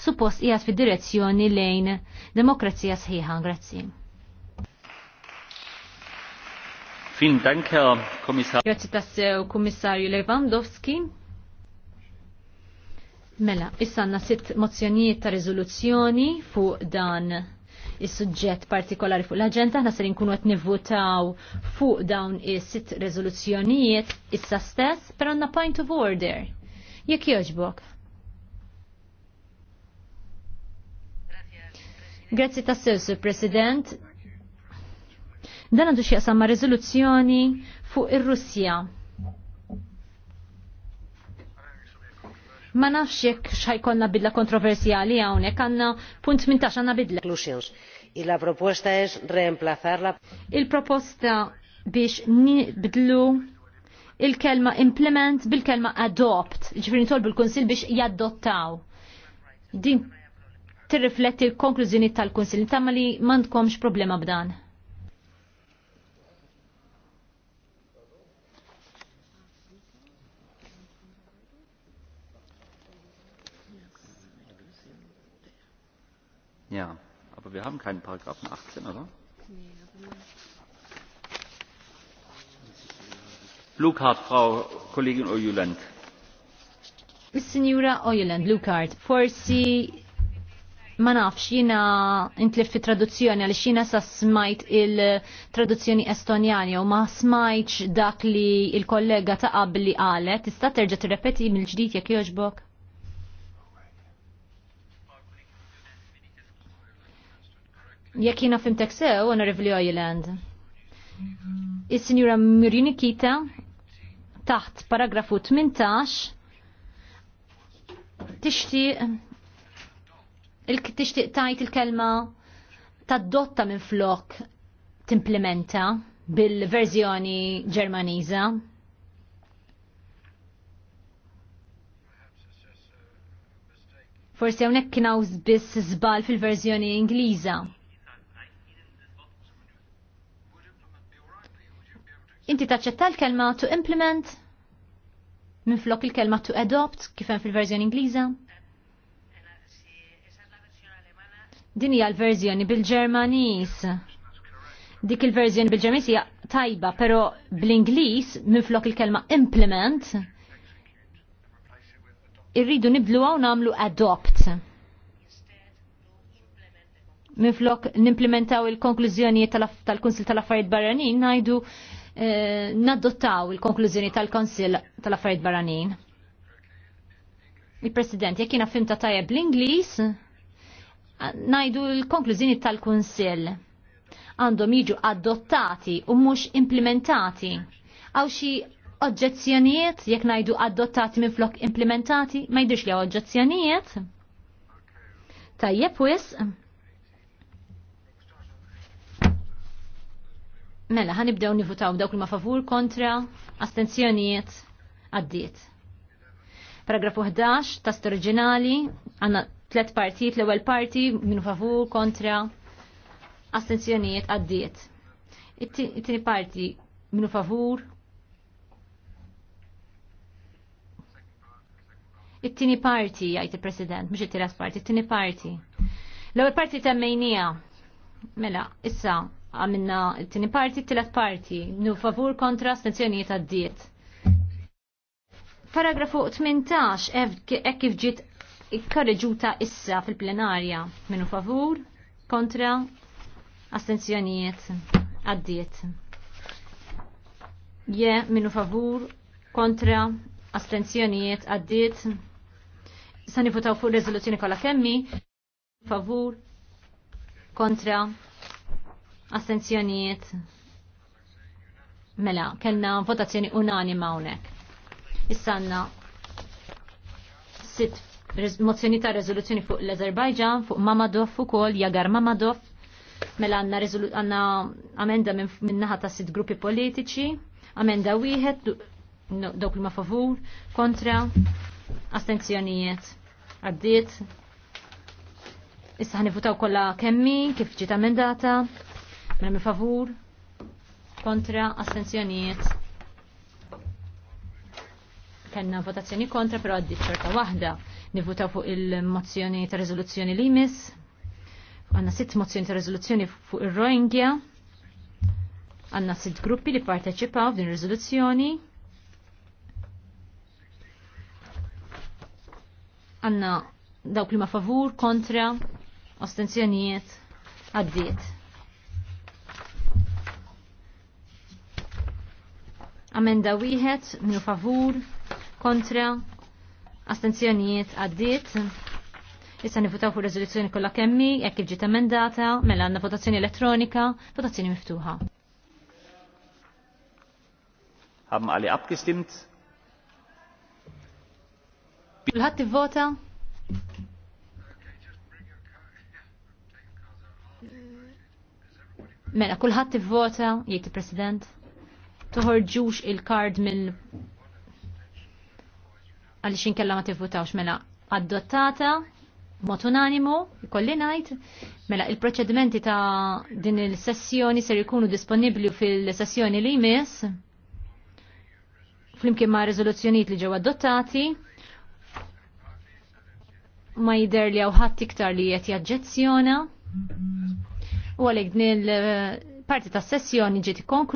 suppost qiegħed fid-direzzjoni lejn demokrazija sħiħa. Grazzi. Fin dank, Kommissar. Grazzi tassew, Kummissarju Lewandowski. Mela, issa sitt mozzjonijiet ta' riżoluzzjoni fuq dan is-suġġett partikolari fuq l-agenda, aħna ser inkunu qed nivvutaw fuq dawn is-sitt rezoluzzjonijiet issa stess, però għandna point of order. Jekk jogħġbok. Grazzi tassew, Sir President. Dan għandu xieqsam ma' rezoluzzjoni fuq ir-Russja. Ma nafx jekk xajkonna bidla kontroversjali hawnhekk għandna punt mintax għandna bidla. la proposta es Il-proposta biex nibdlu il-kelma implement bil-kelma adopt, ġifri nitolbu l-Konsil biex jaddottaw. Din tirrifletti l-konklużjoni tal-Kunsil tamma li mandkomx problema b'dan. Ja, aber wir haben keinen Paragraphen 18, oder? Blue Card, Frau Kollegin Ojuland. Signora Ojuland, Blue Card, forsi ma nafx jina intlif fi traduzzjoni għal xina sa smajt il-traduzzjoni estonjani u ma smajtx dak li il-kollega ta' qabli għale, tista' terġa' tirrepeti mill-ġdid jekk jogħġbok? Jekk jina fimtek sew, Honorable Ireland. Is-Sinjura Murini Kita taħt paragrafu 18 tixtieq il-tixtiq tajt il-kelma tad-dotta minn flok timplementa bil-verżjoni ġermaniża. Forsi hawnhekk kien hawn biss żball fil-verżjoni Ingliża. Inti taċċetta l-kelma to implement minn flok il-kelma to adopt kif hemm fil-verżjoni Ingliża? Din hija l-verżjoni bil-Ġermaniż. Dik il-verżjoni bil-Ġermaniż hija tajba, però bl-Ingliż minflok il-kelma implement irridu niblu għaw namlu adopt. Minflok nimplementaw il-konklużjonijiet tal-Kunsil tal-Affarijiet Barranin najdu eh, nadottaw il-konklużjoni tal-Kunsil tal-Affarijiet Barranin. Il-President, jekk jiena fimta tajjeb l-Ingliż, najdu l-konklużjoni tal-Kunsill għandhom jiġu adottati u mhux implementati. Għaw xi oġġezzjonijiet jekk ngħidu adottati minn flok implementati ma jidhirx li oġġezzjonijiet. Tajjeb wis. Mela, ħanibdew nivutaw dawk ma favur kontra astenzjonijiet għaddiet. Paragrafu 11, tast oriġinali, għanna tlet partijiet l-ewwel parti minu favur kontra astenzjonijiet għaddiet. It-tieni parti minu favur It-tieni parti jgħid il-President, mhux it-tielet parti, it-tieni parti. L-ewwel parti temmejnija. Mela, issa għamilna it-tieni parti, it tilat parti, nu favur kontra astenzjonijiet għaddiet. Paragrafu 18, ekkif kif ġiet ikkarreġuta issa fil-plenarja minu favur kontra astenzjonijiet għaddiet. Je minu favur kontra astenzjonijiet għaddiet. Sa votaw fuq rezoluzzjoni kolla kemmi favur kontra astenzjonijiet mela kellna votazzjoni unanima hawnhekk. Issanna sitt mozzjoni ta' rezoluzzjoni fuq l-Azerbajġan, fuq Mamadov, fuq kol Jagar Mamadov, mela għanna għanna amenda minn-naħa ta' sit gruppi politiċi, amenda wieħed, dawk li ma' favur, kontra, astenzjonijiet, għaddiet, issa ħanifutaw kolla kemmi, kif ġiet amendata, mela ma' favur, kontra, astenzjonijiet. Kenna votazzjoni kontra, pero għaddit ċerta wahda nivuta fuq il-mozzjoni ta' rezoluzzjoni li imis Għanna sitt mozzjoni ta' rezoluzzjoni fuq il-Rohingya. Għanna sitt gruppi li parteċipaw f'din rezoluzzjoni. Għanna dawk li ma favur, kontra, ostenzjonijiet, għaddiet. Amenda wieħed, minu favur, kontra, astenzjonijiet għaddiet. Issa nivutaw fuq rezoluzzjoni kollha kemmi, jekk kif ġiet emendata, mela għandna votazzjoni elettronika, votazzjoni miftuħa. Haben qali abkistimt? Kulħadd ivvota? Mela, kulħadd ivvota, jgħid il-President, toħorġux il-kard mill għaliex inkella ma tivvutawx mela adottata mot unanimu, kolli ngħid, mela il-proċedimenti ta' din il-sessjoni ser ikunu disponibbli fil-sessjoni li jmiss flimkien ma' riżoluzzjonijiet li ġew adottati ma jider li ħadd iktar li qed jaġġezzjona u għalhekk din il-parti eh, tas-sessjoni ġiet ikkonklu